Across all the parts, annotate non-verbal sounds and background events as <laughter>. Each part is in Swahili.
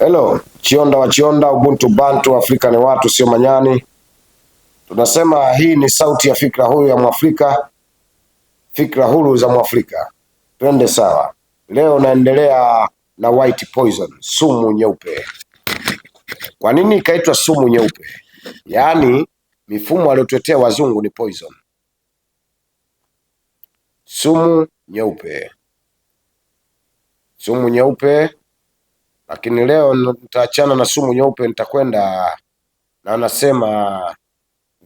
Hello, Chionda wa Chionda, Ubuntu Bantu, Afrika ni watu sio manyani. Tunasema hii ni sauti ya fikra huru ya Mwafrika, fikra huru za Mwafrika, twende sawa. Leo naendelea na white poison, sumu nyeupe. Kwa nini ikaitwa sumu nyeupe? Yaani mifumo aliyotetea wazungu ni poison, sumu nyeupe, sumu nyeupe lakini leo nitaachana na sumu nyeupe, nitakwenda na anasema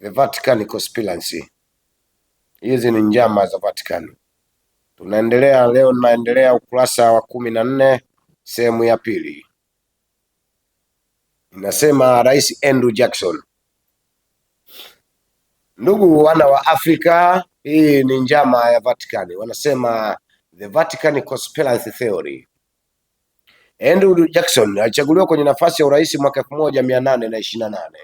the Vatican conspiracy. Hizi ni njama za Vatican. Tunaendelea leo, naendelea ukurasa wa kumi na nne sehemu ya pili. Inasema Rais Andrew Jackson, ndugu wana wa Afrika, hii ni njama ya Vatican, wanasema the Vatican conspiracy theory Andrew Jackson alichaguliwa kwenye nafasi ya urais mwaka elfu moja mia nane na ishirini na nane.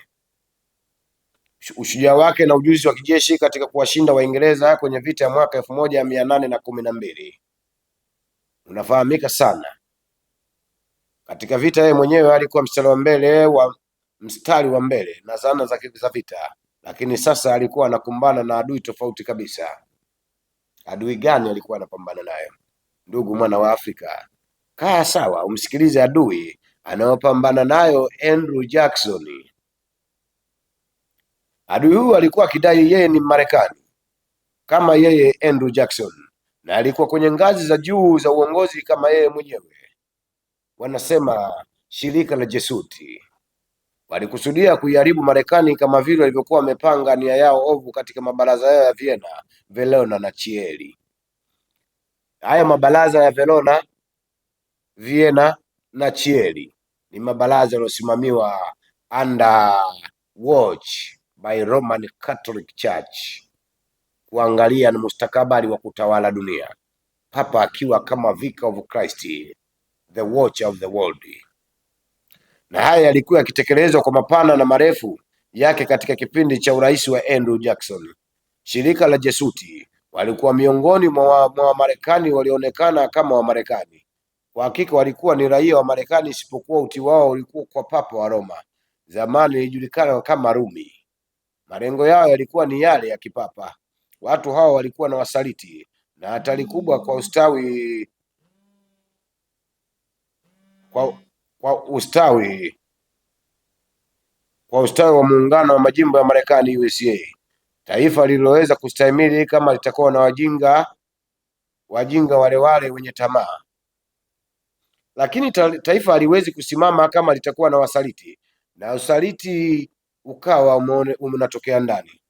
Ushujaa wake na ujuzi wa kijeshi katika kuwashinda Waingereza kwenye vita ya mwaka elfu moja mia nane na kumi na mbili unafahamika sana. Katika vita yeye mwenyewe alikuwa mstari wa mbele wa mstari wa mbele na zana za vita, lakini sasa alikuwa anakumbana na adui tofauti kabisa. Adui gani alikuwa anapambana nayo? Ndugu mwana wa Afrika, Kaa sawa umsikilize adui anayopambana nayo Andrew Jackson. Adui huyu alikuwa akidai yeye ni Marekani kama yeye Andrew Jackson, na alikuwa kwenye ngazi za juu za uongozi kama yeye mwenyewe. Wanasema shirika la Jesuti walikusudia kuiharibu Marekani kama vile walivyokuwa wamepanga nia yao ovu katika mabaraza yao ya Vienna, Verona na chieli Haya mabaraza ya Verona Vienna na Chieli ni mabaraza yaliyosimamiwa under watch by Roman Catholic Church kuangalia na mustakabali wa kutawala dunia, Papa akiwa kama Vicar of Christ, the watch of the world. Na haya yalikuwa yakitekelezwa kwa mapana na marefu yake katika kipindi cha urais wa Andrew Jackson. Shirika la jesuti walikuwa miongoni mwa Wamarekani walioonekana kama Wamarekani kwa hakika walikuwa ni raia wa Marekani, isipokuwa uti wao ulikuwa kwa papa wa Roma, zamani ilijulikana kama Rumi. Malengo yao yalikuwa ni yale ya kipapa. Watu hao walikuwa na wasaliti na hatari kubwa kwa ustawi kwa, kwa ustawi kwa ustawi wa muungano wa majimbo ya Marekani USA, taifa lililoweza kustahimili kama litakuwa na wajinga wajinga walewale wenye tamaa lakini taifa haliwezi kusimama kama litakuwa na wasaliti na usaliti ukawa unatokea ndani.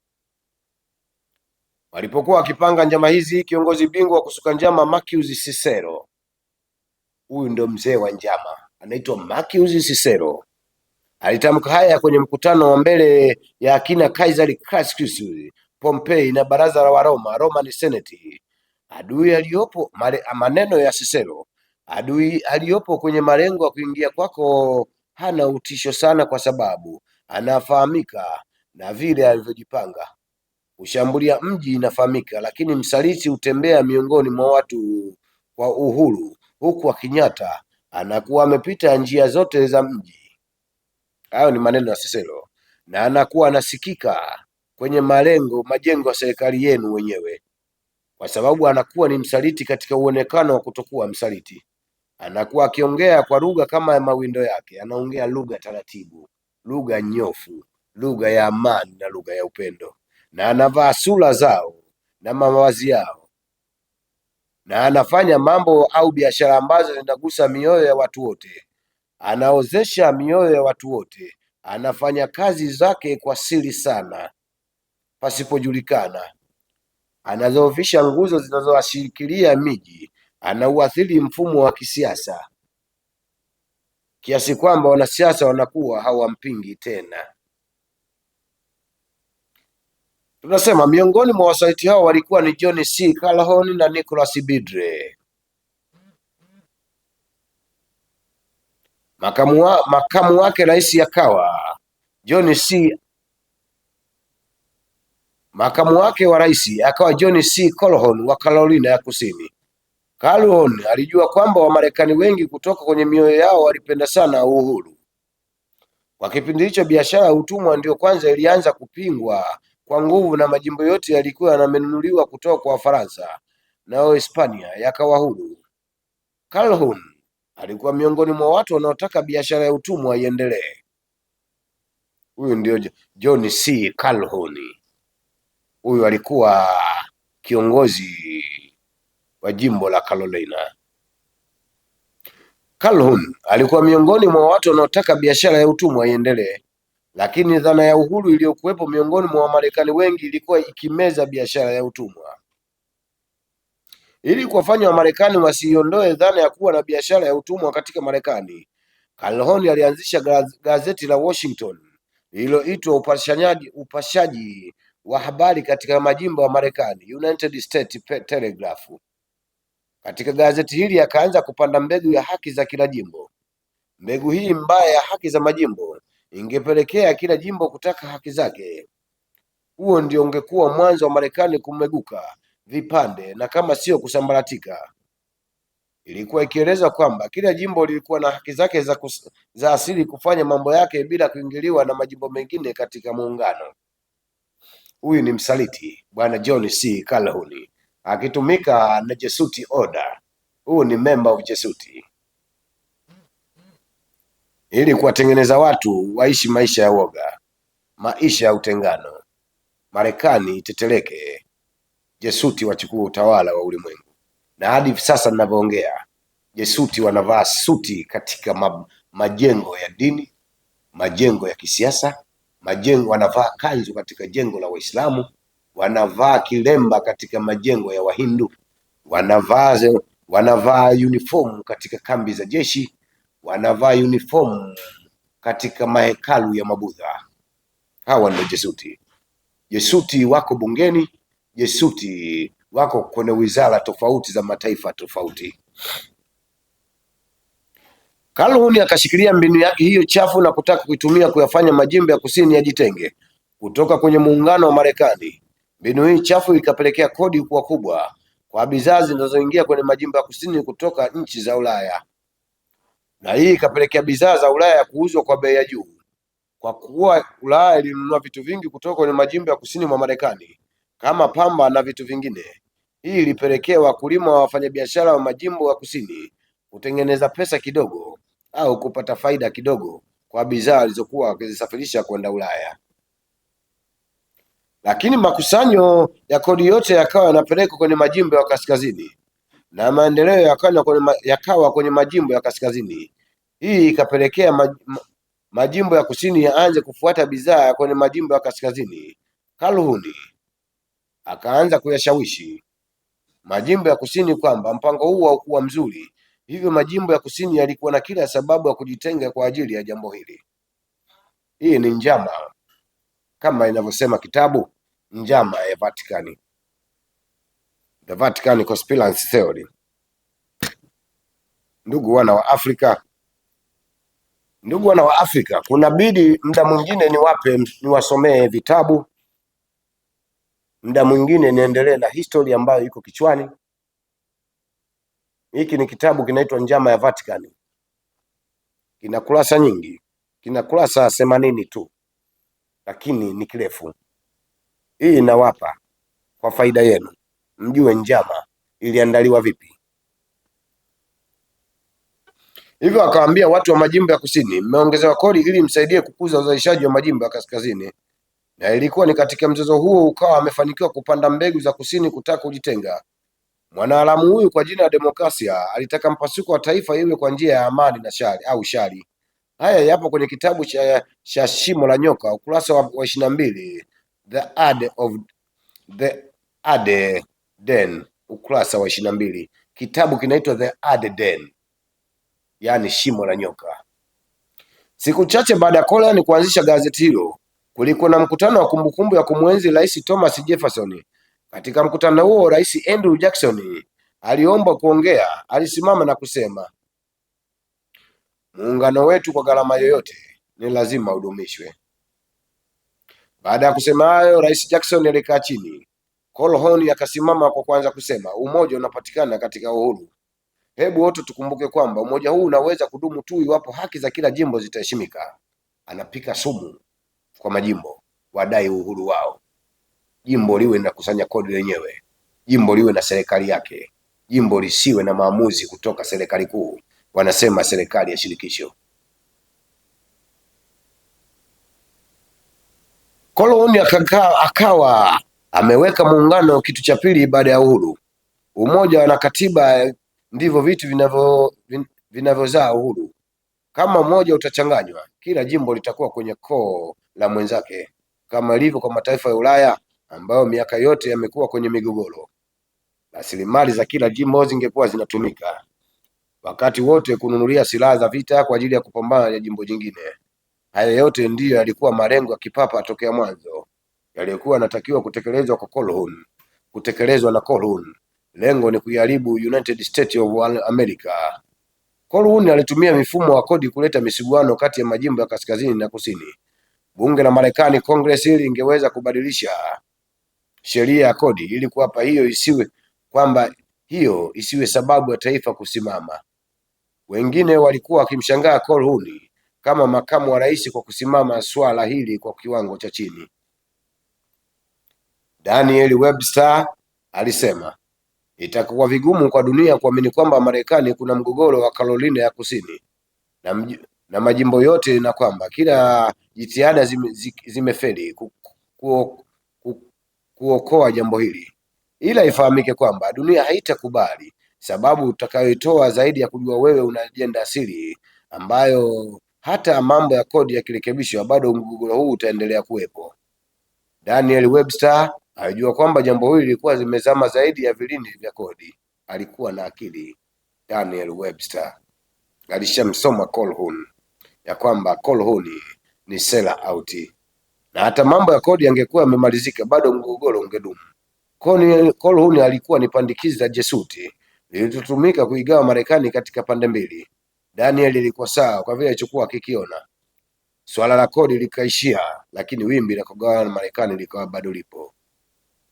Walipokuwa wakipanga njama hizi, kiongozi bingwa wa kusuka njama Marcus Cicero, huyu ndio mzee wa njama, anaitwa Marcus Cicero, alitamka haya kwenye mkutano wa mbele ya akina Kaisari Crassus Pompei na baraza la Waroma, Roman Senate. Adui aliyopo, maneno ya Cicero Adui aliyopo kwenye malengo ya kuingia kwako hana utisho sana, kwa sababu anafahamika na vile alivyojipanga. Kushambulia mji inafahamika, lakini msaliti hutembea miongoni mwa watu kwa uhuru, huku akinyata anakuwa amepita njia zote za mji. Hayo ni maneno ya Seselo, na anakuwa anasikika kwenye malengo majengo ya serikali yenu wenyewe, kwa sababu anakuwa ni msaliti katika uonekano wa kutokuwa msaliti anakuwa akiongea kwa lugha kama ya mawindo yake, anaongea lugha taratibu, lugha nyofu, lugha ya amani na lugha ya upendo, na anavaa sura zao na mavazi yao, na anafanya mambo au biashara ambazo zinagusa mioyo ya watu wote, anaozesha mioyo ya watu wote, anafanya kazi zake kwa siri sana, pasipojulikana, anazoofisha nguzo zinazoashikilia miji anauathiri mfumo wa kisiasa kiasi kwamba wanasiasa wanakuwa hawampingi tena. Tunasema miongoni mwa wasaliti hao walikuwa ni John C. Calhoun na Nicholas Bidre. Makamu, wa, makamu wake rais akawa John C. Makamu wake wa rais akawa John C. Calhoun wa Carolina ya Kusini. Calhoun alijua kwamba Wamarekani wengi kutoka kwenye mioyo yao walipenda sana uhuru. Kwa kipindi hicho, biashara ya utumwa ndiyo kwanza ilianza kupingwa kwa nguvu na majimbo yote yalikuwa yamenunuliwa kutoka kwa Wafaransa na Hispania yakawa huru. Calhoun alikuwa miongoni mwa watu wanaotaka biashara ya utumwa iendelee. Huyu ndio John C. Calhoun. Huyu alikuwa kiongozi wa jimbo la Carolina. Calhoun alikuwa miongoni mwa watu wanaotaka biashara ya utumwa iendelee, lakini dhana ya uhuru iliyokuwepo miongoni mwa Wamarekani wengi ilikuwa ikimeza biashara ya utumwa. Ili kuwafanya Wamarekani wasiiondoe dhana ya kuwa na biashara ya utumwa katika Marekani, Calhoun alianzisha gazeti la Washington lililoitwa upashaji upashaji wa habari katika majimbo ya Marekani, United States Telegraph. Katika gazeti hili akaanza kupanda mbegu ya haki za kila jimbo. Mbegu hii mbaya ya haki za majimbo ingepelekea kila jimbo kutaka haki zake. Huo ndio ungekuwa mwanzo wa Marekani kumeguka vipande na kama sio kusambaratika. Ilikuwa ikielezwa kwamba kila jimbo lilikuwa na haki zake za, kus za asili kufanya mambo yake bila kuingiliwa na majimbo mengine katika muungano. Huyu ni msaliti Bwana John C. Calhoun akitumika na Jesuti Order. Huu ni member of Jesuti ili kuwatengeneza watu waishi maisha ya woga, maisha ya utengano. Marekani iteteleke, Jesuti wachukua utawala wa ulimwengu. Na hadi sasa ninavyoongea, Jesuti wanavaa suti katika ma majengo ya dini, majengo ya kisiasa, majengo wanavaa kanzu katika jengo la Waislamu, wanavaa kilemba katika majengo ya Wahindu, wanavaa wanavaa uniform katika kambi za jeshi, wanavaa uniform katika mahekalu ya mabudha. Hawa ndio Jesuti. Jesuti wako bungeni, Jesuti wako kwenye wizara tofauti za mataifa tofauti. Calhoun akashikilia mbinu yake hiyo chafu na kutaka kuitumia kuyafanya majimbo ya kusini yajitenge kutoka kwenye muungano wa Marekani. Mbinu hii chafu ikapelekea kodi kuwa kubwa kwa bidhaa zinazoingia kwenye majimbo ya kusini kutoka nchi za Ulaya, na hii ikapelekea bidhaa za Ulaya kuuzwa kwa bei ya juu. Kwa kuwa Ulaya ilinunua vitu vingi kutoka kwenye majimbo ya kusini mwa Marekani kama pamba na vitu vingine, hii ilipelekea wakulima wa wafanyabiashara wa majimbo ya kusini kutengeneza pesa kidogo au kupata faida kidogo kwa bidhaa walizokuwa wakizisafirisha kwenda Ulaya lakini makusanyo ya kodi yote yakawa yanapelekwa kwenye majimbo ya kaskazini na maendeleo yakawa kwenye, yakawa kwenye majimbo ya kaskazini. Hii ikapelekea maj, majimbo ya kusini yaanze kufuata bidhaa kwenye majimbo ya kaskazini. Kaluhuni akaanza kuyashawishi majimbo ya kusini kwamba mpango huu haukuwa mzuri, hivyo majimbo ya kusini yalikuwa na kila sababu ya kujitenga kwa ajili ya jambo hili. Hii ni njama kama inavyosema kitabu njama ya Vatican, the Vatican conspiracy theory. Ndugu wana wa Afrika, ndugu wana wa Afrika, kunabidi muda mwingine niwape niwasomee vitabu, muda mwingine niendelee na history ambayo iko kichwani. Hiki ni kitabu kinaitwa Njama ya Vatican, kina kurasa nyingi, kina kurasa themanini tu, lakini ni kirefu. Hii inawapa kwa faida yenu, mjue njama iliandaliwa vipi. Hivyo akawaambia watu wa majimbo ya kusini, mmeongezewa kodi ili msaidie kukuza uzalishaji wa majimbo ya kaskazini. Na ilikuwa ni katika mzozo huo UKAWA amefanikiwa kupanda mbegu za kusini kutaka kujitenga. Mwanaalamu huyu kwa jina la Demokrasia alitaka mpasuko wa taifa iwe kwa njia ya amani na shari au shari. Haya yapo kwenye kitabu cha, cha Shimo la Nyoka ukurasa wa ishirini na mbili The Ad of the Ad Den, ukurasa wa ishirini na mbili. Kitabu kinaitwa The Ad Den, yani shimo la nyoka. Siku chache baada ya ni kuanzisha gazeti hilo, kulikuwa na mkutano wa kumbukumbu ya kumwenzi Rais Thomas Jefferson. Katika mkutano huo, Rais Andrew Jackson aliomba kuongea. Alisimama na kusema, muungano wetu kwa gharama yoyote ni lazima udumishwe. Baada ya kusema hayo, Rais Jackson alikaa chini. Colhoun akasimama kwa kuanza kusema, umoja unapatikana katika uhuru. Hebu wote tukumbuke kwamba umoja huu unaweza kudumu tu iwapo haki za kila jimbo zitaheshimika. Anapika sumu kwa majimbo, wadai uhuru wao. Jimbo liwe linakusanya kodi lenyewe, jimbo liwe na serikali yake, jimbo lisiwe na maamuzi kutoka serikali kuu, wanasema serikali ya shirikisho. Koloni akawa ameweka muungano, kitu cha pili baada ya uhuru. Umoja na katiba ndivyo vitu vinavyo vinavyozaa uhuru. Kama mmoja utachanganywa, kila jimbo litakuwa kwenye koo la mwenzake, kama ilivyo kwa mataifa ya Ulaya ambayo miaka yote yamekuwa kwenye migogoro. Rasilimali za kila jimbo zingekuwa zinatumika wakati wote kununulia silaha za vita kwa ajili ya kupambana na jimbo jingine. Hayo yote ndiyo yalikuwa malengo ya kipapa tokea mwanzo, yaliyokuwa yanatakiwa kutekelezwa kwa Colhoun, kutekelezwa na Colhoun. Lengo ni kuiharibu United States of America. Colhoun alitumia mifumo wa kodi kuleta misuguano kati ya majimbo ya kaskazini na kusini. Bunge la Marekani, Congress, hili ingeweza kubadilisha sheria ya kodi ili kuwapa hiyo isiwe kwamba hiyo isiwe sababu ya taifa kusimama. Wengine walikuwa wakimshangaa Colhoun kama makamu wa rais kwa kusimama swala hili kwa kiwango cha chini. Daniel Webster alisema itakuwa vigumu kwa dunia kuamini kwamba Marekani kuna mgogoro wa Carolina ya Kusini na, na majimbo yote na kwamba kila jitihada zime, kuokoa ku, ku, ku, jambo hili, ila ifahamike kwamba dunia haitakubali sababu utakayoitoa zaidi ya kujua wewe una ajenda asili ambayo hata mambo ya kodi yakirekebishwa, bado mgogoro huu utaendelea kuwepo. Daniel Webster alijua kwamba jambo hili lilikuwa zimezama zaidi ya vilindi vya kodi. Alikuwa na akili. Daniel Webster alishamsoma Colhoun ya kwamba Colhoun ni sela auti, na hata mambo ya kodi yangekuwa yamemalizika, bado mgogoro ungedumu. Colhoun alikuwa ni pandikizi la jesuti lililotumika kuigawa Marekani katika pande mbili, Daniel ilikuwa sawa kwa vile alichokuwa akikiona. Swala la kodi likaishia, lakini wimbi la kugawana na Marekani likawa bado lipo.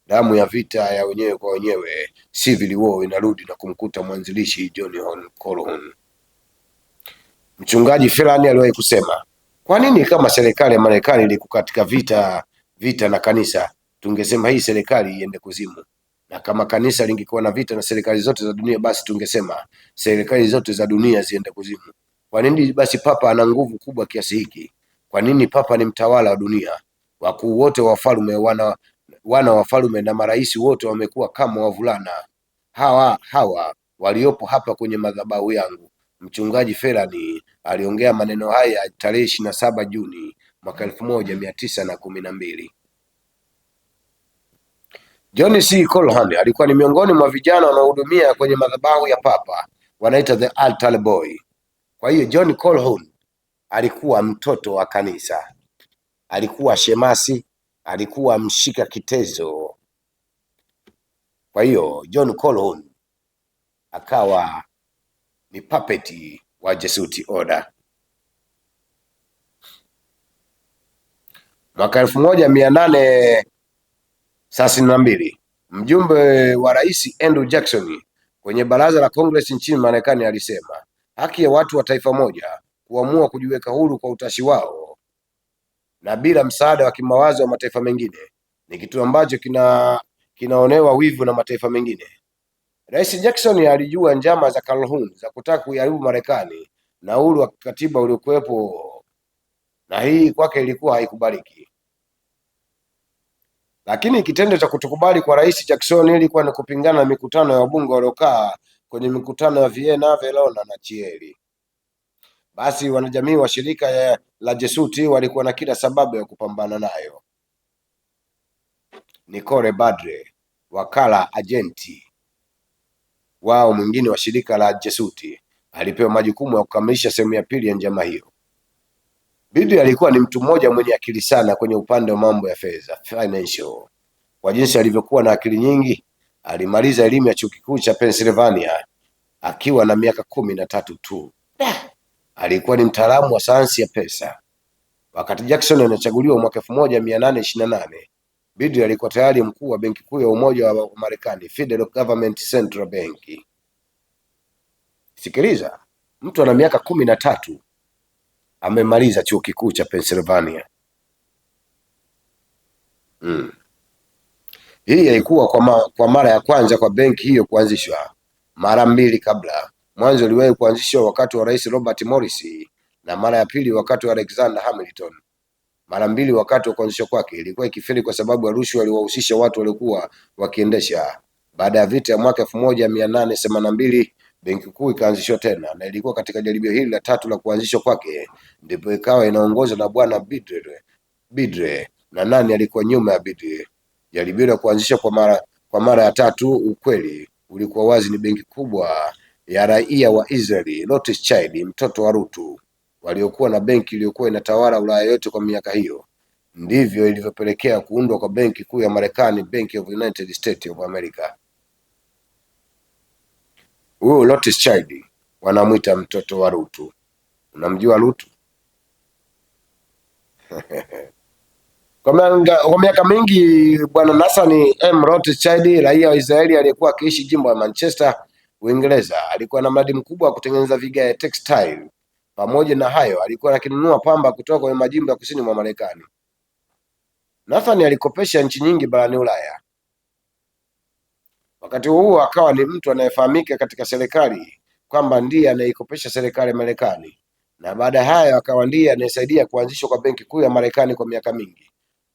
Damu ya vita ya wenyewe kwa wenyewe, civil war, inarudi na kumkuta mwanzilishi John Calhoun. Mchungaji Ferani aliwahi kusema, kwa nini kama serikali ya Marekani ilikukatika vita vita na kanisa, tungesema hii serikali iende kuzimu na kama kanisa lingekuwa na vita na serikali zote za dunia, basi tungesema serikali zote za dunia ziende kuzimu. Kwa nini basi papa ana nguvu kubwa kiasi hiki? Kwa nini papa ni mtawala wa dunia? Wakuu wote wa wafalme wana, wana wafalme na marais wote wamekuwa kama wavulana hawa hawa waliopo hapa kwenye madhabahu yangu. Mchungaji Ferani aliongea maneno haya tarehe ishirini na saba Juni mwaka elfu moja mia tisa na kumi na mbili. John C. Colhan alikuwa ni miongoni mwa vijana wanaohudumia kwenye madhabahu ya Papa, wanaita the altar boy. Kwa hiyo John Colhan alikuwa mtoto wa kanisa, alikuwa shemasi, alikuwa mshika kitezo. Kwa hiyo John Colhan akawa ni papeti wa Jesuiti Order. Mwaka elfu moja mia nane thelathini na mbili. Mjumbe wa Rais Andrew Jackson kwenye baraza la Congress nchini Marekani alisema haki ya watu wa taifa moja kuamua kujiweka huru kwa utashi wao na bila msaada wa kimawazo wa mataifa mengine ni kitu ambacho kina kinaonewa wivu na mataifa mengine. Rais Jackson alijua njama za Calhoun za kutaka kuharibu Marekani na uhuru wa kikatiba uliokuwepo, na hii kwake ilikuwa haikubaliki. Lakini kitendo cha kutokubali kwa Rais Jackson ilikuwa ni kupingana na mikutano ya wabunge waliokaa kwenye mikutano ya Vienna, Verona na Chieri. Basi wanajamii wa shirika ya la Jesuti walikuwa na kila sababu ya kupambana nayo. Nicole Badre, wakala ajenti wao mwingine wa shirika la Jesuti, alipewa majukumu ya kukamilisha sehemu ya pili ya njama hiyo. Bibi alikuwa ni mtu mmoja mwenye akili sana kwenye upande wa mambo ya fedha financial. Kwa jinsi alivyokuwa na akili nyingi, alimaliza elimu ya chuo kikuu cha Pennsylvania akiwa na miaka kumi na tatu tu. Alikuwa ni mtaalamu wa sayansi ya pesa. Wakati Jackson anachaguliwa mwaka elfu moja mia nane ishirini na nane alikuwa tayari mkuu wa benki kuu ya Umoja wa Marekani, Federal Government Central Bank. Sikiliza, mtu ana miaka kumi na tatu amemaliza chuo kikuu cha Pennsylvania. Mm. Hii haikuwa kwa, ma, kwa mara ya kwanza kwa benki hiyo kuanzishwa. Mara mbili kabla, mwanzo iliwahi kuanzishwa wakati wa Rais Robert Morris na mara ya pili wakati wa Alexander Hamilton. Mara mbili wakati wa kuanzishwa kwake ilikuwa ikifeli kwa sababu ya rushwa iliwahusisha watu waliokuwa wakiendesha. Baada ya vita ya mwaka elfu moja mia nane themanini na mbili benki kuu ikaanzishwa tena, na ilikuwa katika jaribio hili la tatu la kuanzishwa kwake ndipo ikawa inaongozwa na bwana Bidre, Bidre na nani alikuwa nyuma ya Bidre. Jaribio la kuanzishwa kwa mara kwa mara ya tatu, ukweli ulikuwa wazi, ni benki kubwa ya raia wa Israeli, Rothschild, mtoto wa Rutu, waliokuwa na benki iliyokuwa inatawala Ulaya yote kwa miaka hiyo. Ndivyo ilivyopelekea kuundwa kwa benki kuu ya Marekani, Bank of United States of America huyu Lot's Child wanamwita mtoto wa rutu Unamjua Lutu? <laughs> Kwa miaka mingi Bwana Nathani M. Child, raia wa Israeli aliyekuwa akiishi jimbo la Manchester, Uingereza, alikuwa na mradi mkubwa wa kutengeneza vigae textile. Pamoja na hayo, alikuwa akinunua pamba kutoka kwenye majimbo ya kusini mwa Marekani. Nathani alikopesha nchi nyingi barani Ulaya Wakati huo akawa ni mtu anayefahamika katika serikali kwamba ndiye anayeikopesha serikali ya Marekani, na baada ya hayo akawa ndiye anayesaidia kuanzishwa kwa benki kuu ya Marekani kwa miaka mingi.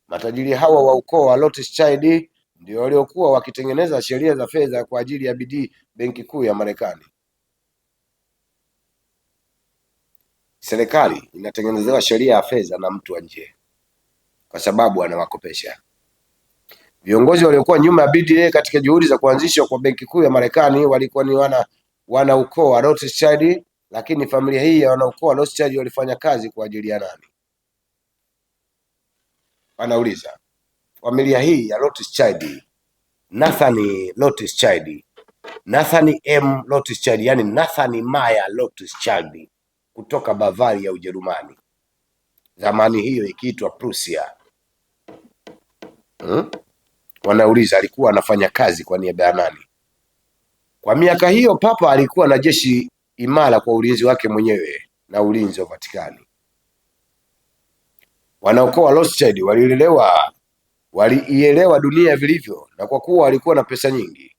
Matajiri hawa wa ukoo wa Rothschild ndio waliokuwa wakitengeneza sheria za fedha kwa ajili ya bidii benki kuu ya Marekani. Serikali inatengenezewa sheria ya fedha na mtu wa nje kwa sababu anawakopesha. Viongozi waliokuwa nyuma ya BDA katika juhudi za kuanzishwa kwa benki kuu ya Marekani walikuwa ni wana, wana ukoo wa Rothschild, lakini familia hii ya ukoo wa Rothschild walifanya kazi kwa ajili ya nani? Wanauliza familia hii ya Rothschild, Nathan Rothschild, Nathan M Rothschild, yani Nathan Maya Rothschild kutoka Bavaria ya Ujerumani, zamani hiyo ikiitwa Prussia hmm? wanauliza alikuwa anafanya kazi kwa niaba ya nani? Kwa miaka hiyo papa alikuwa na jeshi imara kwa ulinzi wake mwenyewe na ulinzi wa Vatikani. Wanaokoa Rothschild walielewa waliielewa dunia vilivyo, na kwa kuwa walikuwa na pesa nyingi,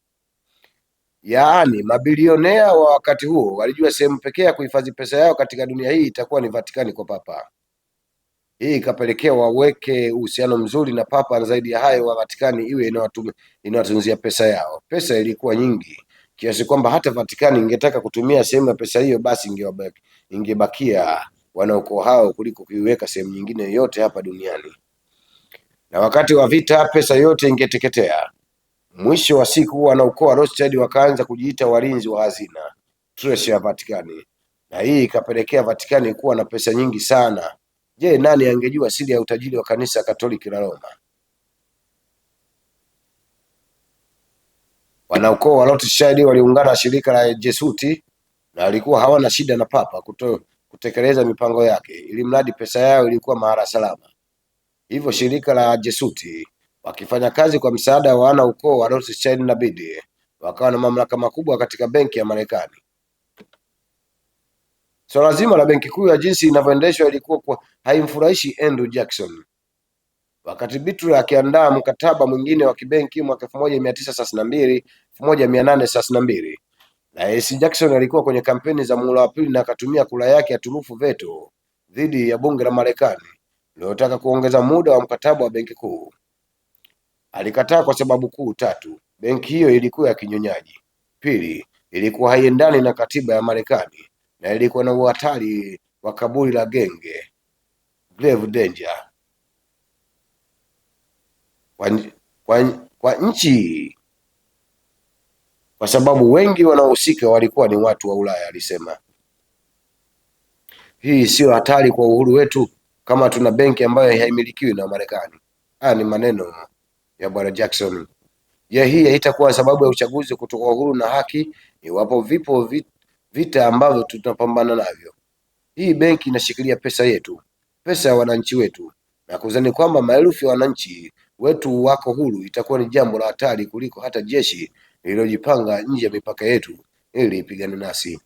yaani mabilionea wa wakati huo walijua sehemu pekee ya kuhifadhi pesa yao katika dunia hii itakuwa ni Vatikani kwa papa hii ikapelekea waweke uhusiano mzuri na Papa, na zaidi ya hayo wa Vatikani iwe inawatunzia pesa yao. Pesa ilikuwa nyingi kiasi kwamba hata Vatikani ingetaka kutumia sehemu ya pesa hiyo, basi ingebakia wanaokoo hao kuliko kuiweka sehemu nyingine yoyote hapa duniani. Na wakati wa vita pesa yote ingeteketea. Mwisho wa siku, wanaukoo wa Rothschild wakaanza kujiita walinzi wa hazina, treasure ya Vatikani, na hii ikapelekea Vatikani kuwa na pesa nyingi sana Je, nani angejua siri ya utajiri wa Kanisa Katoliki la Roma? Wanaukoo wa Rothschild waliungana na shirika la jesuti na walikuwa hawana shida na papa kuto, kutekeleza mipango yake ili mradi pesa yao ilikuwa mahala salama. Hivyo shirika la jesuti wakifanya kazi kwa msaada wa wana ukoo wa Rothschild na Bidi wakawa na mamlaka makubwa katika benki ya Marekani. Swala so zima la benki kuu ya jinsi inavyoendeshwa ilikuwa kwa haimfurahishi Andrew Jackson. Wakati Bitru akiandaa mkataba mwingine wa kibenki mwaka elfu moja mia tisa thelathini na mbili elfu moja mia nane thelathini na mbili Rais Jackson alikuwa kwenye kampeni za muhula wa pili na akatumia kura yake ya turufu veto dhidi ya bunge la Marekani lililotaka kuongeza muda wa mkataba wa benki kuu. Alikataa kwa sababu kuu tatu: benki hiyo ilikuwa ya kinyonyaji; pili, ilikuwa haiendani na katiba ya Marekani; na ilikuwa na uhatari wa kaburi la genge grave danger kwa, kwa, kwa nchi kwa sababu wengi wanaohusika walikuwa ni watu wa Ulaya. Alisema hii sio hatari kwa uhuru wetu kama tuna benki ambayo haimilikiwi na Marekani. Haya ni maneno ya bwana Jackson. Ya hii haitakuwa sababu ya uchaguzi kutoka uhuru na haki iwapo vipo vit, vita ambavyo tutapambana navyo. Hii benki inashikilia pesa yetu, pesa ya wananchi wetu, na kuzani kwamba maelfu ya wananchi wetu wako huru itakuwa ni jambo la hatari kuliko hata jeshi lililojipanga nje ya mipaka yetu ili ipigane nasi.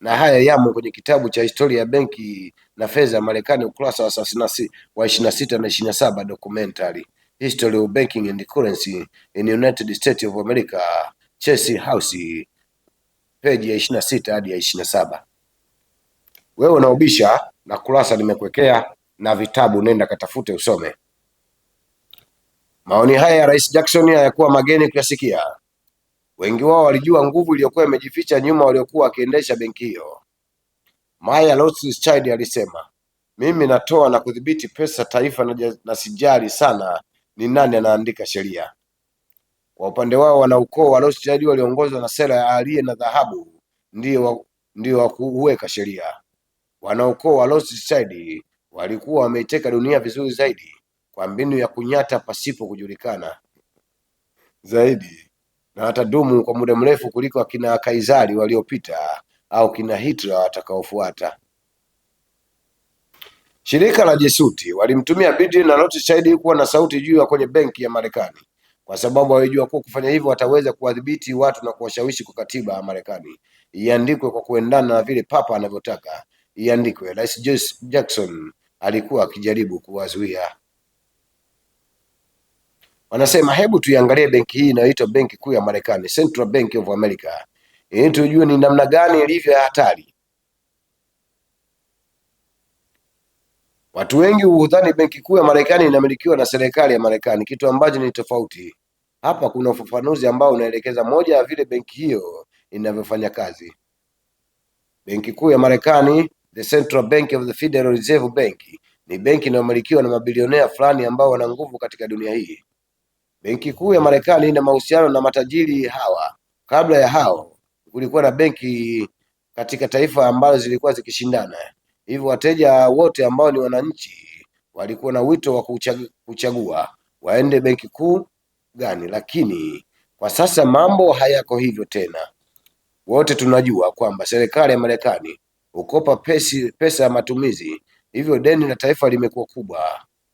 Na haya yamo kwenye kitabu cha historia ya benki na fedha ya Marekani ukurasa wa ishirini na sita na ishirini na saba documentary History of Banking and Currency in United States of America Chelsea House peji ya ishirini na sita hadi ya ishirini na saba. Wewe unaobisha na kurasa nimekuwekea na vitabu, nenda katafute usome. Maoni haya ya Rais Jackson hayakuwa mageni kuyasikia. Wengi wao walijua nguvu iliyokuwa imejificha nyuma waliokuwa wakiendesha benki hiyo. Maya Rothschild alisema, mimi natoa na kudhibiti pesa taifa na, na sijali sana ni nani anaandika sheria. Kwa upande wao wanaukoo Rothschild waliongozwa na sera ya aliye na dhahabu ndio wa, ndio wa kuweka sheria. Wanaukoo Rothschild walikuwa wameiteka dunia vizuri zaidi kwa mbinu ya kunyata pasipo kujulikana zaidi na watadumu kwa muda mrefu kuliko akina Kaisari waliopita au kina Hitler watakaofuata. Shirika la Jesuti walimtumia Biden na Rothschild kuwa na sauti juu ya kwenye benki ya Marekani kwa sababu walijua kuwa kufanya hivyo wataweza kuwadhibiti watu na kuwashawishi kwa katiba ya Marekani iandikwe kwa kuendana na vile papa anavyotaka iandikwe. Rais Jackson alikuwa akijaribu kuwazuia. Wanasema hebu tuiangalie benki hii inayoitwa benki kuu ya Marekani, Central Bank of America, ili tujue ni namna gani ilivyo hatari Watu wengi hudhani benki kuu ya Marekani inamilikiwa na serikali ya Marekani, kitu ambacho ni tofauti. Hapa kuna ufafanuzi ambao unaelekeza moja ya vile benki hiyo inavyofanya kazi. Benki kuu ya Marekani, the Central Bank of the Federal Reserve Bank, ni benki inayomilikiwa na mabilionea fulani ambao wana nguvu katika dunia hii. Benki kuu ya Marekani ina mahusiano na matajiri hawa. Kabla ya hao, kulikuwa na benki katika taifa ambazo zilikuwa zikishindana. Hivyo wateja wote ambao ni wananchi walikuwa na wito wa kuchagua waende benki kuu gani, lakini kwa sasa mambo hayako hivyo tena. Wote tunajua kwamba serikali ya Marekani hukopa pesi, pesa ya matumizi, hivyo deni la taifa limekuwa kubwa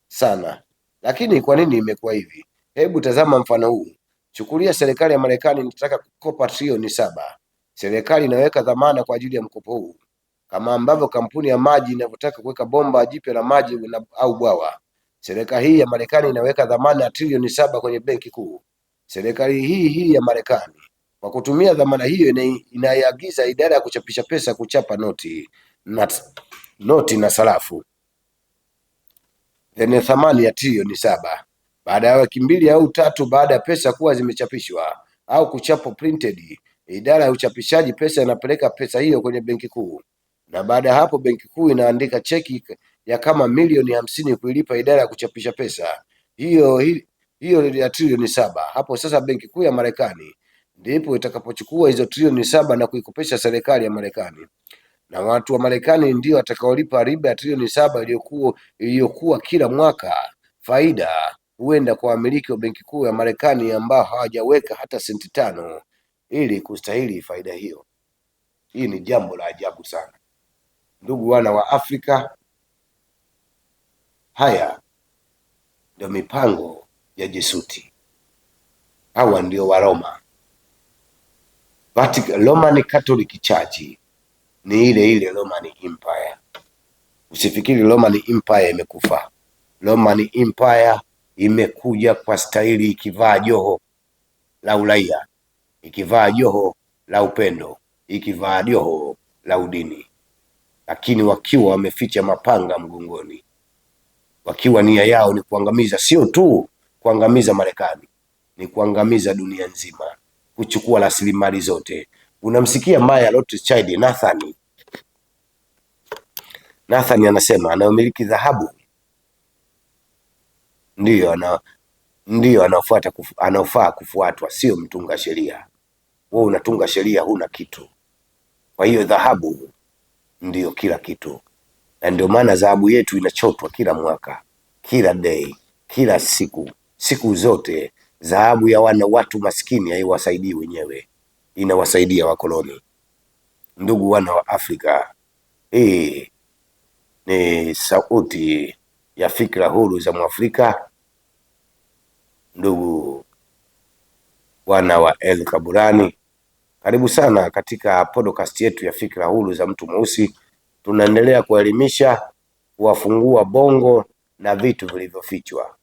sana. Lakini kwa nini imekuwa hivi? Hebu tazama mfano huu. Chukulia serikali ya Marekani inataka kukopa trilioni saba. Serikali inaweka dhamana kwa ajili ya mkopo huu kama ambavyo kampuni ya maji inavyotaka kuweka bomba jipya la maji na, au bwawa. Serikali hii ya Marekani inaweka dhamana ya trilioni saba kwenye benki kuu. Serikali hii hii ya Marekani kwa kutumia dhamana hiyo inaiagiza idara ya kuchapisha pesa kuchapa noti na, noti na sarafu zenye thamani ya trilioni saba baada ya wiki mbili au tatu baada ya pesa kuwa zimechapishwa au kuchapwa printed, idara ya uchapishaji pesa inapeleka pesa hiyo kwenye benki kuu na baada ya hapo benki kuu inaandika cheki ya kama milioni hamsini kuilipa idara ya kuchapisha pesa hiyo hiyo ya trilioni saba. Hapo sasa benki kuu ya Marekani ndipo itakapochukua hizo trilioni saba na kuikopesha serikali ya Marekani, na watu wa Marekani ndio watakaolipa riba ya trilioni saba iliyokuwa iliyokuwa kila mwaka faida huenda kwa wamiliki wa benki kuu ya Marekani ambao hawajaweka hata senti tano ili kustahili faida hiyo. Hii ni jambo la ajabu sana. Ndugu wana wa Afrika, haya ndio mipango ya Jesuti. Hawa ndio Waroma. Vatican, Roman Catholic Church ni ile ile Roman Empire. Usifikiri Roman Empire imekufa. Roman Empire imekuja kwa staili ikivaa joho la uraia, ikivaa joho la upendo, ikivaa joho la udini lakini wakiwa wameficha mapanga mgongoni, wakiwa nia yao ni kuangamiza, sio tu kuangamiza Marekani, ni kuangamiza dunia nzima, kuchukua rasilimali zote. Unamsikia Maya Rothschild Nathan, Nathan anasema anayomiliki dhahabu ndiyo ana ndiyo anaofuata kufu, anaofaa kufuatwa, sio mtunga sheria. Wewe unatunga sheria, huna kitu. Kwa hiyo dhahabu ndiyo kila kitu, na ndio maana dhahabu yetu inachotwa kila mwaka, kila day, kila siku, siku zote. Dhahabu ya wana watu maskini haiwasaidii wenyewe, inawasaidia wakoloni. Ndugu wana wa Afrika, hii ni sauti ya fikra huru za Mwafrika. Ndugu wana wa El Kaburani, karibu sana katika podcast yetu ya fikra huru za mtu mweusi. Tunaendelea kuelimisha, kuwafungua bongo na vitu vilivyofichwa.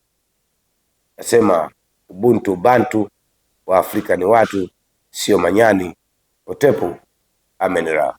Nasema ubuntu, bantu wa Afrika ni watu, sio manyani. Otepu amenira.